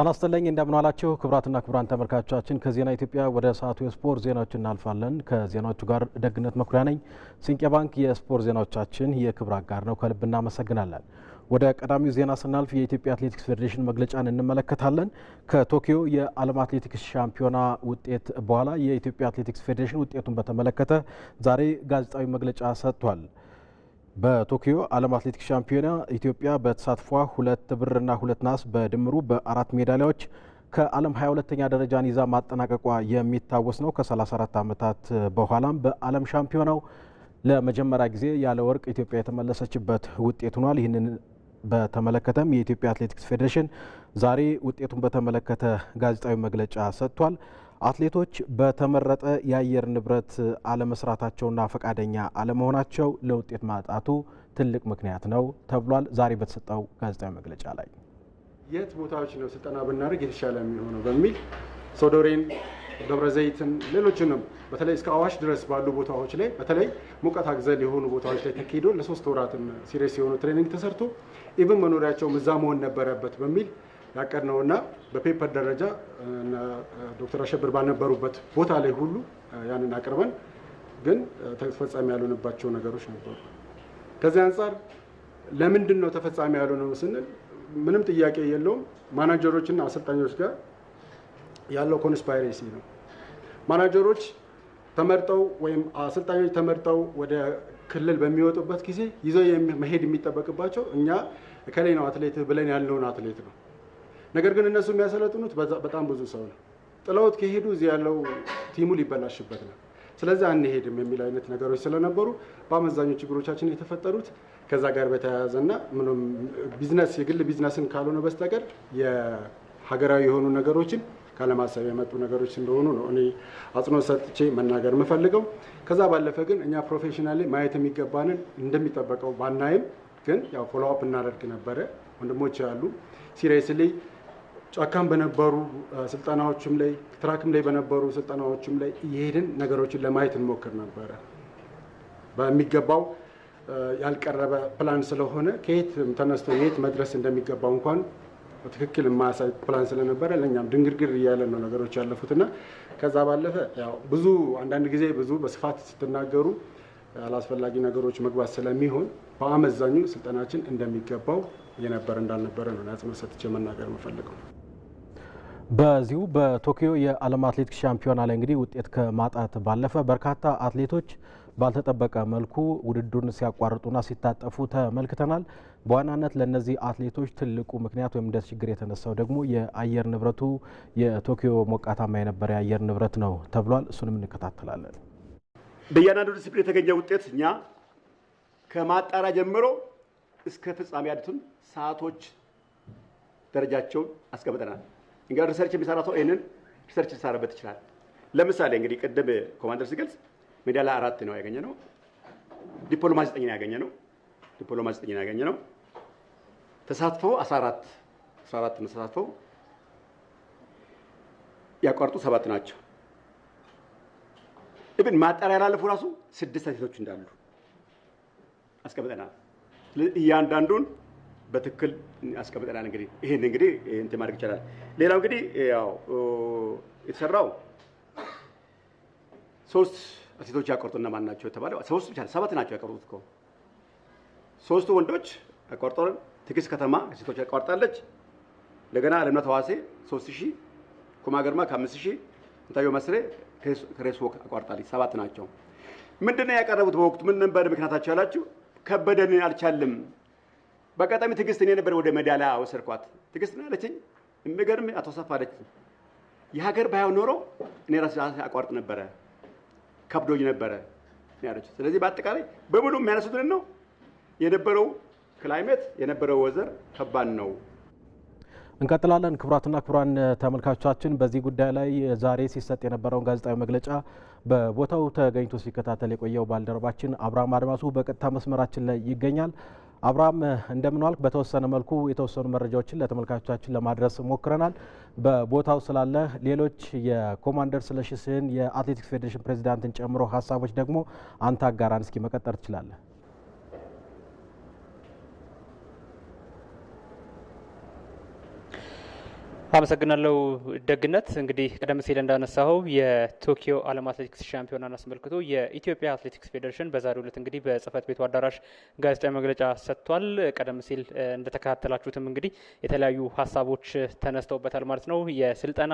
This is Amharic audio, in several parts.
ጤና ይስጥልኝ እንደምን ዋላችሁ ክቡራትና ክቡራን ተመልካቾቻችን። ከዜና ኢትዮጵያ ወደ ሰዓቱ የስፖርት ዜናዎች እናልፋለን። ከዜናዎቹ ጋር ደግነት መኩሪያ ነኝ። ሲንቄ ባንክ የስፖርት ዜናዎቻችን የክብር አጋር ነው። ከልብ እናመሰግናለን። ወደ ቀዳሚው ዜና ስናልፍ የኢትዮጵያ አትሌቲክስ ፌዴሬሽን መግለጫን እንመለከታለን። ከቶኪዮ የዓለም አትሌቲክስ ሻምፒዮና ውጤት በኋላ የኢትዮጵያ አትሌቲክስ ፌዴሬሽን ውጤቱን በተመለከተ ዛሬ ጋዜጣዊ መግለጫ ሰጥቷል። በቶኪዮ ዓለም አትሌቲክስ ሻምፒዮና ኢትዮጵያ በተሳትፏ ሁለት ብርና ሁለት ናስ በድምሩ በአራት ሜዳሊያዎች ከዓለም 22ተኛ ደረጃን ይዛ ማጠናቀቋ የሚታወስ ነው። ከ34 ዓመታት በኋላም በዓለም ሻምፒዮናው ለመጀመሪያ ጊዜ ያለ ወርቅ ኢትዮጵያ የተመለሰችበት ውጤት ሆኗል። ይህንን በተመለከተም የኢትዮጵያ አትሌቲክስ ፌዴሬሽን ዛሬ ውጤቱን በተመለከተ ጋዜጣዊ መግለጫ ሰጥቷል። አትሌቶች በተመረጠ የአየር ንብረት አለመስራታቸውና ፈቃደኛ አለመሆናቸው ለውጤት ማጣቱ ትልቅ ምክንያት ነው ተብሏል። ዛሬ በተሰጠው ጋዜጣዊ መግለጫ ላይ የት ቦታዎች ነው ስልጠና ብናደርግ የተሻለ የሚሆነው በሚል ሶዶሬን፣ ደብረ ዘይትን፣ ሌሎችንም በተለይ እስከ አዋሽ ድረስ ባሉ ቦታዎች ላይ በተለይ ሙቀት አግዘል የሆኑ ቦታዎች ላይ ተካሂዶ ለሶስት ወራትም ሲሪየስ የሆኑ ትሬኒንግ ተሰርቶ ኢቭን መኖሪያቸው እዛ መሆን ነበረበት በሚል ያቀድ ነው እና በፔፐር ደረጃ ዶክተር አሸብር ባልነበሩበት ቦታ ላይ ሁሉ ያንን አቅርበን ግን ተፈጻሚ ያልሆንባቸው ነገሮች ነበሩ። ከዚህ አንጻር ለምንድን ነው ተፈጻሚ ያልሆነው ስንል ምንም ጥያቄ የለውም ማናጀሮችና አሰልጣኞች ጋር ያለው ኮንስፓይሬሲ ነው። ማናጀሮች ተመርጠው ወይም አሰልጣኞች ተመርጠው ወደ ክልል በሚወጡበት ጊዜ ይዘው መሄድ የሚጠበቅባቸው እኛ ከላይ ነው አትሌት ብለን ያለውን አትሌት ነው ነገር ግን እነሱ የሚያሰለጥኑት በጣም ብዙ ሰው ነው። ጥለውት ከሄዱ እዚህ ያለው ቲሙ ሊበላሽበት ነው። ስለዚህ አንሄድም የሚል አይነት ነገሮች ስለነበሩ በአመዛኙ ችግሮቻችን የተፈጠሩት ከዛ ጋር በተያያዘና ምንም ቢዝነስ የግል ቢዝነስን ካልሆነ በስተቀር የሀገራዊ የሆኑ ነገሮችን ካለማሰብ የመጡ ነገሮች እንደሆኑ ነው እኔ አጽንኦት ሰጥቼ መናገር የምፈልገው። ከዛ ባለፈ ግን እኛ ፕሮፌሽናሊ ማየት የሚገባንን እንደሚጠበቀው ባናይም ግን ያው ፎሎአፕ እናደርግ ነበረ። ወንድሞች ያሉ ሲሪየስሊ ጫካም በነበሩ ስልጠናዎችም ላይ ትራክም ላይ በነበሩ ስልጠናዎችም ላይ እየሄድን ነገሮችን ለማየት እንሞክር ነበረ። በሚገባው ያልቀረበ ፕላን ስለሆነ ከየት ተነስቶ የት መድረስ እንደሚገባው እንኳን ትክክል የማያሳይ ፕላን ስለነበረ ለእኛም ድንግርግር እያለ ነው ነገሮች ያለፉትና ከዛ ባለፈ ያው ብዙ አንዳንድ ጊዜ ብዙ በስፋት ስትናገሩ አላስፈላጊ ነገሮች መግባት ስለሚሆን በአመዛኙ ስልጠናችን እንደሚገባው የነበረ እንዳልነበረ ነው ለአጽንኦት ሰጥቼ መናገር የምፈልገው። በዚሁ በቶኪዮ የዓለም አትሌቲክስ ሻምፒዮና ላይ እንግዲህ ውጤት ከማጣት ባለፈ በርካታ አትሌቶች ባልተጠበቀ መልኩ ውድድሩን ሲያቋርጡና ሲታጠፉ ተመልክተናል። በዋናነት ለእነዚህ አትሌቶች ትልቁ ምክንያት ወይም እንደ ችግር የተነሳው ደግሞ የአየር ንብረቱ የቶኪዮ ሞቃታማ የነበረ የአየር ንብረት ነው ተብሏል። እሱንም እንከታተላለን። በእያንዳንዱ ዲስፕሊን የተገኘ ውጤት እኛ ከማጣራ ጀምሮ እስከ ፍጻሜ ያሉትን ሰዓቶች ደረጃቸውን አስቀምጠናል። እንግዲህ ሪሰርች የሚሰራ ሰው ይህንን ሪሰርች ሊሰራበት ይችላል። ለምሳሌ እንግዲህ ቅድም ኮማንደር ሲገልጽ ሜዳሊያ አራት ነው ያገኘ ነው። ዲፕሎማ ዘጠኝ ነው ያገኘ ነው። ዲፕሎማ ዘጠኝ ነው ያገኘ ነው። ተሳትፈው 14 14 ነው ተሳትፈው ያቋርጡ ሰባት ናቸው። ኢብን ማጣሪያ ያላለፉ ራሱ ስድስት ሴቶች እንዳሉ አስቀምጠናል። እያንዳንዱን በትክክል ያስቀምጠናል እንግዲህ ይህን እንግዲህ እንትን ማድረግ ይቻላል። ሌላው እንግዲህ ያው የተሰራው ሶስት ሴቶች ያቆርጡ እነማን ናቸው የተባለ ሶስት ብቻ ሰባት ናቸው ያቋርጡት እኮ ሶስቱ ወንዶች አቋርጠን ትግስት ከተማ ሴቶች ያቋርጣለች። እንደገና አለምነህ ተዋሴ ሶስት ሺ ኩማ ገርማ ከአምስት ሺህ እንታየው መስሬ ከሬስ ወክ አቋርጣለች። ሰባት ናቸው። ምንድነው ያቀረቡት? በወቅቱ ምን ነበር ምክንያታቸው ያላችሁ? ከበደን አልቻልም በአጋጣሚ ትግስት እኔ ነበር ወደ መዳላ ወሰድኳት። ትግስት ምን አለችኝ? የሚገርም አቶ ሰፋ አለችኝ፣ የሀገር ባይሆን ኖሮ እኔ ራሴ አቋርጥ ነበረ፣ ከብዶኝ ነበረ ያለችው። ስለዚህ በአጠቃላይ በሙሉ የሚያነሱትን ነው የነበረው ክላይሜት የነበረው ወዘር ከባድ ነው። እንቀጥላለን። ክቡራትና ክቡራን ተመልካቾቻችን በዚህ ጉዳይ ላይ ዛሬ ሲሰጥ የነበረውን ጋዜጣዊ መግለጫ በቦታው ተገኝቶ ሲከታተል የቆየው ባልደረባችን አብርሃም አድማሱ በቀጥታ መስመራችን ላይ ይገኛል። አብርሃም እንደምንዋልክ በተወሰነ መልኩ የተወሰኑ መረጃዎችን ለተመልካቾቻችን ለማድረስ ሞክረናል። በቦታው ስላለ ሌሎች የኮማንደር ስለሺ ስህን የአትሌቲክስ ፌዴሬሽን ፕሬዚዳንትን ጨምሮ ሀሳቦች ደግሞ አንተ አጋራን። እስኪ መቀጠር ትችላለህ። አመሰግናለሁ ደግነት። እንግዲህ ቀደም ሲል እንዳነሳኸው የቶኪዮ ዓለም አትሌቲክስ ሻምፒዮናን አስመልክቶ የኢትዮጵያ አትሌቲክስ ፌዴሬሽን በዛሬው ዕለት እንግዲህ በጽህፈት ቤቱ አዳራሽ ጋዜጣዊ መግለጫ ሰጥቷል። ቀደም ሲል እንደተከታተላችሁትም እንግዲህ የተለያዩ ሀሳቦች ተነስተውበታል ማለት ነው። የስልጠና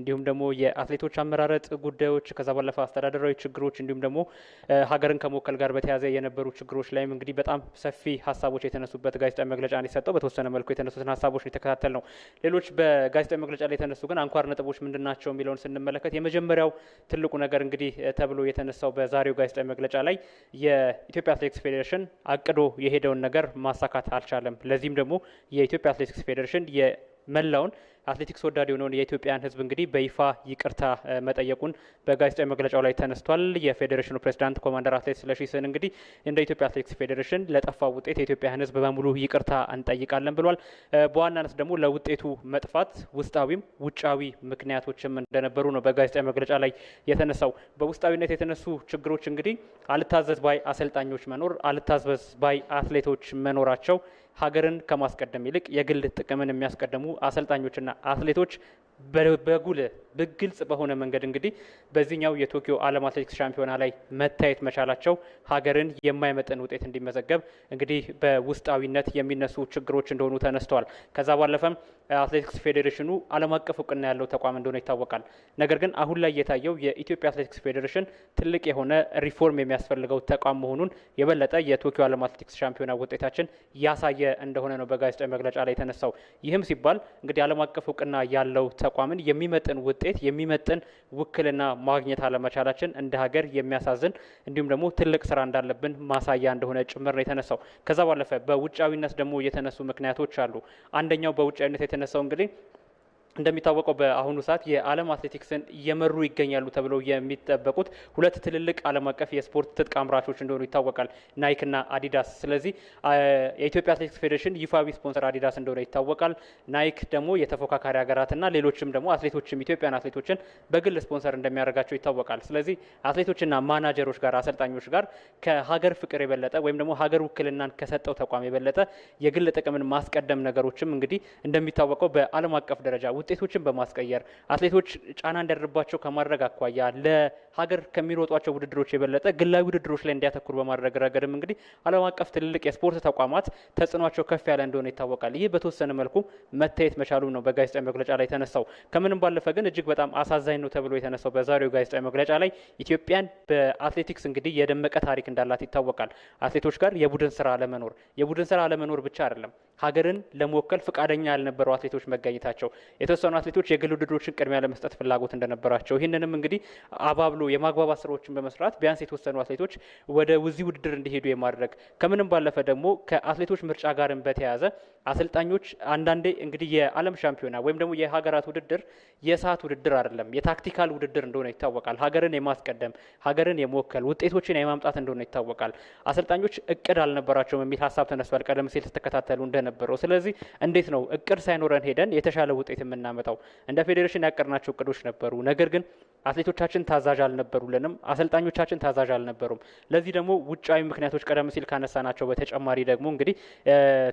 እንዲሁም ደግሞ የአትሌቶች አመራረጥ ጉዳዮች፣ ከዛ ባለፈ አስተዳደራዊ ችግሮች እንዲሁም ደግሞ ሀገርን ከመወከል ጋር በተያያዘ የነበሩ ችግሮች ላይም እንግዲህ በጣም ሰፊ ሀሳቦች የተነሱበት ጋዜጣዊ መግለጫ ነው በተወሰነ መልኩ የተነሱትን ሀሳቦች የተከታተል ነው ሌሎች ጋዜጣዊ መግለጫ ላይ የተነሱ ግን አንኳር ነጥቦች ምንድን ናቸው የሚለውን ስንመለከት የመጀመሪያው ትልቁ ነገር እንግዲህ ተብሎ የተነሳው በዛሬው ጋዜጣዊ መግለጫ ላይ የኢትዮጵያ አትሌቲክስ ፌዴሬሽን አቅዶ የሄደውን ነገር ማሳካት አልቻለም። ለዚህም ደግሞ የኢትዮጵያ አትሌቲክስ ፌዴሬሽን የመላውን አትሌቲክስ ወዳድ የሆነውን የኢትዮጵያን ህዝብ እንግዲህ በይፋ ይቅርታ መጠየቁን በጋዜጣዊ መግለጫው ላይ ተነስቷል። የፌዴሬሽኑ ፕሬዚዳንት ኮማንደር አትሌት ስለሺ ስህን እንግዲህ እንደ ኢትዮጵያ አትሌቲክስ ፌዴሬሽን ለጠፋ ውጤት የኢትዮጵያን ህዝብ በሙሉ ይቅርታ እንጠይቃለን ብሏል። በዋናነት ደግሞ ለውጤቱ መጥፋት ውስጣዊም ውጫዊ ምክንያቶችም እንደነበሩ ነው በጋዜጣዊ መግለጫ ላይ የተነሳው። በውስጣዊነት የተነሱ ችግሮች እንግዲህ አልታዘዝ ባይ አሰልጣኞች መኖር፣ አልታዘዝ ባይ አትሌቶች መኖራቸው ሀገርን ከማስቀደም ይልቅ የግል ጥቅምን የሚያስቀድሙ አሰልጣኞችና አትሌቶች በጉል በግልጽ በሆነ መንገድ እንግዲህ በዚህኛው የቶኪዮ ዓለም አትሌቲክስ ሻምፒዮና ላይ መታየት መቻላቸው ሀገርን የማይመጥን ውጤት እንዲመዘገብ እንግዲህ በውስጣዊነት የሚነሱ ችግሮች እንደሆኑ ተነስተዋል። ከዛ ባለፈም አትሌቲክስ ፌዴሬሽኑ ዓለም አቀፍ እውቅና ያለው ተቋም እንደሆነ ይታወቃል። ነገር ግን አሁን ላይ የታየው የኢትዮጵያ አትሌቲክስ ፌዴሬሽን ትልቅ የሆነ ሪፎርም የሚያስፈልገው ተቋም መሆኑን የበለጠ የቶኪዮ ዓለም አትሌቲክስ ሻምፒዮና ውጤታችን ያሳየ እንደሆነ ነው በጋዜጣዊ መግለጫ ላይ የተነሳው። ይህም ሲባል እንግዲህ ዓለም አቀፍ እውቅና ያለው ተቋምን የሚመጥን ውጤት የሚመጥን ውክልና ማግኘት አለመቻላችን እንደ ሀገር የሚያሳዝን እንዲሁም ደግሞ ትልቅ ስራ እንዳለብን ማሳያ እንደሆነ ጭምር ነው የተነሳው። ከዛ ባለፈ በውጫዊነት ደግሞ የተነሱ ምክንያቶች አሉ። አንደኛው በውጫዊነት የተነሳው እንግዲህ እንደሚታወቀው በአሁኑ ሰዓት የዓለም አትሌቲክስን እየመሩ ይገኛሉ ተብለው የሚጠበቁት ሁለት ትልልቅ ዓለም አቀፍ የስፖርት ትጥቅ አምራቾች እንደሆኑ ይታወቃል፣ ናይክና አዲዳስ። ስለዚህ የኢትዮጵያ አትሌቲክስ ፌዴሬሽን ይፋዊ ስፖንሰር አዲዳስ እንደሆነ ይታወቃል። ናይክ ደግሞ የተፎካካሪ ሀገራትና ሌሎችም ደግሞ አትሌቶችም ኢትዮጵያን አትሌቶችን በግል ስፖንሰር እንደሚያደርጋቸው ይታወቃል። ስለዚህ አትሌቶችና ማናጀሮች ጋር፣ አሰልጣኞች ጋር ከሀገር ፍቅር የበለጠ ወይም ደግሞ ሀገር ውክልናን ከሰጠው ተቋም የበለጠ የግል ጥቅምን ማስቀደም ነገሮችም እንግዲህ እንደሚታወቀው በዓለም አቀፍ ደረጃ ውጤቶችን በማስቀየር አትሌቶች ጫና እንዲያደርባቸው ከማድረግ አኳያ ለሀገር ከሚሮጧቸው ውድድሮች የበለጠ ግላዊ ውድድሮች ላይ እንዲያተኩር በማድረግ ረገድም እንግዲህ ዓለም አቀፍ ትልልቅ የስፖርት ተቋማት ተጽዕኖቸው ከፍ ያለ እንደሆነ ይታወቃል። ይህ በተወሰነ መልኩ መታየት መቻሉ ነው በጋዜጣዊ መግለጫ ላይ የተነሳው። ከምንም ባለፈ ግን እጅግ በጣም አሳዛኝ ነው ተብሎ የተነሳው በዛሬው ጋዜጣዊ መግለጫ ላይ ኢትዮጵያን በአትሌቲክስ እንግዲህ የደመቀ ታሪክ እንዳላት ይታወቃል። አትሌቶች ጋር የቡድን ስራ አለመኖር የቡድን ስራ አለመኖር ብቻ አይደለም ሀገርን ለመወከል ፈቃደኛ ያልነበሩ አትሌቶች መገኘታቸው፣ የተወሰኑ አትሌቶች የግል ውድድሮችን ቅድሚያ ለመስጠት ፍላጎት እንደነበራቸው፣ ይህንንም እንግዲህ አባብሎ የማግባባት ስራዎችን በመስራት ቢያንስ የተወሰኑ አትሌቶች ወደ ውዚህ ውድድር እንዲሄዱ የማድረግ ከምንም ባለፈ ደግሞ ከአትሌቶች ምርጫ ጋርን በተያያዘ አሰልጣኞች አንዳንዴ እንግዲህ የዓለም ሻምፒዮና ወይም ደግሞ የሀገራት ውድድር የሰዓት ውድድር አይደለም፣ የታክቲካል ውድድር እንደሆነ ይታወቃል። ሀገርን የማስቀደም ሀገርን የመወከል ውጤቶችን የማምጣት እንደሆነ ይታወቃል። አሰልጣኞች እቅድ አልነበራቸውም የሚል ሀሳብ ተነስቷል። ቀደም ሲል ተከታተሉ እንደ የነበረው። ስለዚህ እንዴት ነው እቅድ ሳይኖረን ሄደን የተሻለ ውጤት የምናመጣው? እንደ ፌዴሬሽን ያቀድናቸው እቅዶች ነበሩ። ነገር ግን አትሌቶቻችን ታዛዥ አልነበሩልንም፣ አሰልጣኞቻችን ታዛዥ አልነበሩም። ለዚህ ደግሞ ውጫዊ ምክንያቶች ቀደም ሲል ካነሳናቸው በተጨማሪ ደግሞ እንግዲህ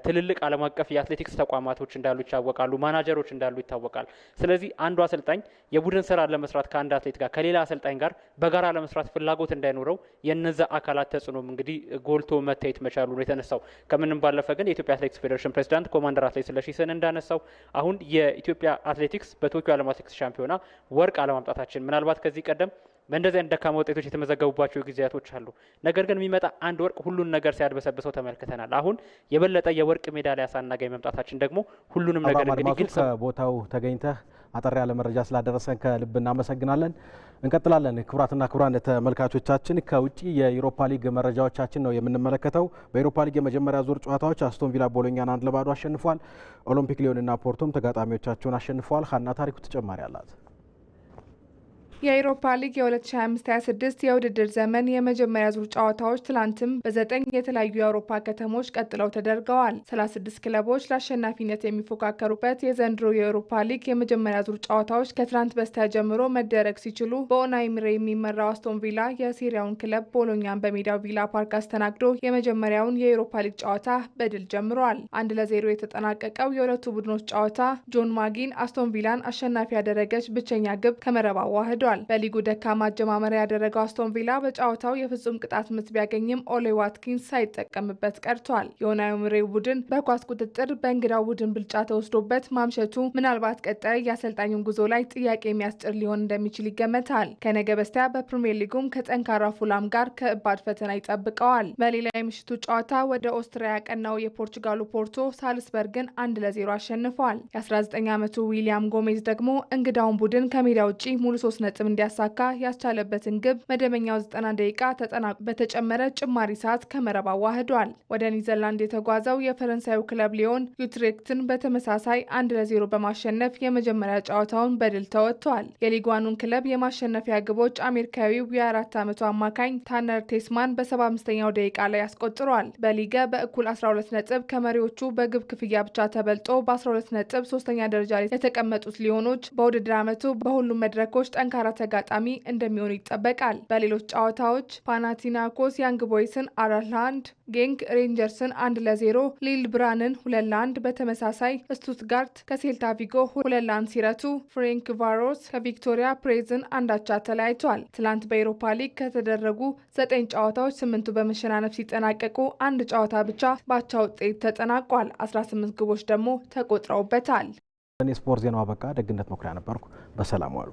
ትልልቅ ዓለም አቀፍ የአትሌቲክስ ተቋማቶች እንዳሉ ይታወቃሉ፣ ማናጀሮች እንዳሉ ይታወቃል። ስለዚህ አንዱ አሰልጣኝ የቡድን ስራ ለመስራት ከአንድ አትሌት ጋር ከሌላ አሰልጣኝ ጋር በጋራ ለመስራት ፍላጎት እንዳይኖረው የነዛ አካላት ተጽዕኖም እንግዲህ ጎልቶ መታየት መቻሉ ነው የተነሳው። ከምንም ባለፈ ግን የኢትዮጵያ አትሌቲክስ ፌዴሬሽን ፕሬዚዳንት ኮማንደር አትሌት ስለሺ ስህን እንዳነሳው አሁን የኢትዮጵያ አትሌቲክስ በቶኪዮ ዓለም አትሌቲክስ ሻምፒዮና ወርቅ አለማምጣታችን ምናልባት ከዚህ ቀደም በእንደዚህ አይነት ደካማ ውጤቶች የተመዘገቡባቸው ጊዜያቶች አሉ። ነገር ግን የሚመጣ አንድ ወርቅ ሁሉን ነገር ሲያድበሰብሰው ተመልክተናል። አሁን የበለጠ የወርቅ ሜዳሊያ ሳናገኝ መምጣታችን ደግሞ ሁሉንም ነገር እንግዲህ ግልጽ ከቦታው ተገኝተህ አጠር ያለ መረጃ ስላደረሰን ከልብ እናመሰግናለን። እንቀጥላለን። ክቡራትና ክቡራን ተመልካቾቻችን ከውጭ የዩሮፓ ሊግ መረጃዎቻችን ነው የምንመለከተው። በዩሮፓ ሊግ የመጀመሪያ ዙር ጨዋታዎች አስቶን ቪላ ቦሎኛን አንድ ለባዶ አሸንፏል። ኦሎምፒክ ሊዮንና ፖርቶም ተጋጣሚዎቻቸውን አሸንፏል። ሀና ታሪኩ ተጨማሪ አላት። የአውሮፓ ሊግ የ2025/26 የውድድር ዘመን የመጀመሪያ ዙር ጨዋታዎች ትላንትም በዘጠኝ የተለያዩ የአውሮፓ ከተሞች ቀጥለው ተደርገዋል። 36 ክለቦች ለአሸናፊነት የሚፎካከሩበት የዘንድሮ የአውሮፓ ሊግ የመጀመሪያ ዙር ጨዋታዎች ከትናንት በስቲያ ጀምሮ መደረግ ሲችሉ በኦናይምሬ የሚመራው አስቶን ቪላ የሴሪያውን ክለብ ቦሎኛን በሜዳው ቪላ ፓርክ አስተናግዶ የመጀመሪያውን የአውሮፓ ሊግ ጨዋታ በድል ጀምሯል። አንድ ለዜሮ የተጠናቀቀው የሁለቱ ቡድኖች ጨዋታ ጆን ማጊን አስቶን ቪላን አሸናፊ ያደረገች ብቸኛ ግብ ከመረባ ዋህዷል። ተናግረዋል። በሊጉ ደካማ አጀማመሪያ ያደረገው አስቶን ቪላ በጨዋታው የፍጹም ቅጣት ምት ቢያገኝም ኦሌ ዋትኪንስ ሳይጠቀምበት ቀርቷል። የኡናይ ቡድን በኳስ ቁጥጥር በእንግዳው ቡድን ብልጫ ተወስዶበት ማምሸቱ ምናልባት ቀጣይ የአሰልጣኙን ጉዞ ላይ ጥያቄ የሚያስጭር ሊሆን እንደሚችል ይገመታል። ከነገ በስቲያ በፕሪምየር ሊጉም ከጠንካራ ፉላም ጋር ከባድ ፈተና ይጠብቀዋል። በሌላ የምሽቱ ጨዋታ ወደ ኦስትሪያ ያቀናው የፖርቹጋሉ ፖርቶ ሳልስበርግን አንድ ለዜሮ አሸንፏል። የ19 ዓመቱ ዊሊያም ጎሜዝ ደግሞ እንግዳውን ቡድን ከሜዳ ውጪ ሙሉ ሶስት ነጥብ ግጥም እንዲያሳካ ያስቻለበትን ግብ መደበኛው 90 ደቂቃ ተጠና በተጨመረ ጭማሪ ሰዓት ከመረብ አዋህዷል። ወደ ኒዘርላንድ የተጓዘው የፈረንሳዩ ክለብ ሊዮን ዩትሬክትን በተመሳሳይ አንድ ለዜሮ በማሸነፍ የመጀመሪያ ጨዋታውን በድል ተወጥቷል። የሊጓኑን ክለብ የማሸነፊያ ግቦች አሜሪካዊው የአራት ዓመቱ አማካኝ ታነር ቴስማን በ75ኛው ደቂቃ ላይ አስቆጥሯል። በሊገ በእኩል 12 ነጥብ ከመሪዎቹ በግብ ክፍያ ብቻ ተበልጦ በ12 ነጥብ ሶስተኛ ደረጃ ላይ የተቀመጡት ሊዮኖች በውድድር ዓመቱ በሁሉም መድረኮች ጠንካራ ተጋጣሚ እንደሚሆኑ ይጠበቃል። በሌሎች ጨዋታዎች ፓናቲናኮስ ያንግ ቦይስን አራት ለአንድ፣ ጌንክ ሬንጀርስን አንድ ለዜሮ፣ ሊል ብራንን ሁለት ለአንድ፣ በተመሳሳይ ስቱትጋርት ከሴልታ ቪጎ ሁለት ለአንድ ሲረቱ፣ ፍሬንክ ቫሮስ ከቪክቶሪያ ፕሬዝን አንዳቻ ተለያይቷል። ትላንት በኤሮፓ ሊግ ከተደረጉ ዘጠኝ ጨዋታዎች ስምንቱ በመሸናነፍ ሲጠናቀቁ አንድ ጨዋታ ብቻ በአቻ ውጤት ተጠናቋል። 18 ግቦች ደግሞ ተቆጥረውበታል። እኔ ስፖርት ዜናው አበቃ። ደግነት መኩሪያ ነበርኩ። በሰላም ዋሉ።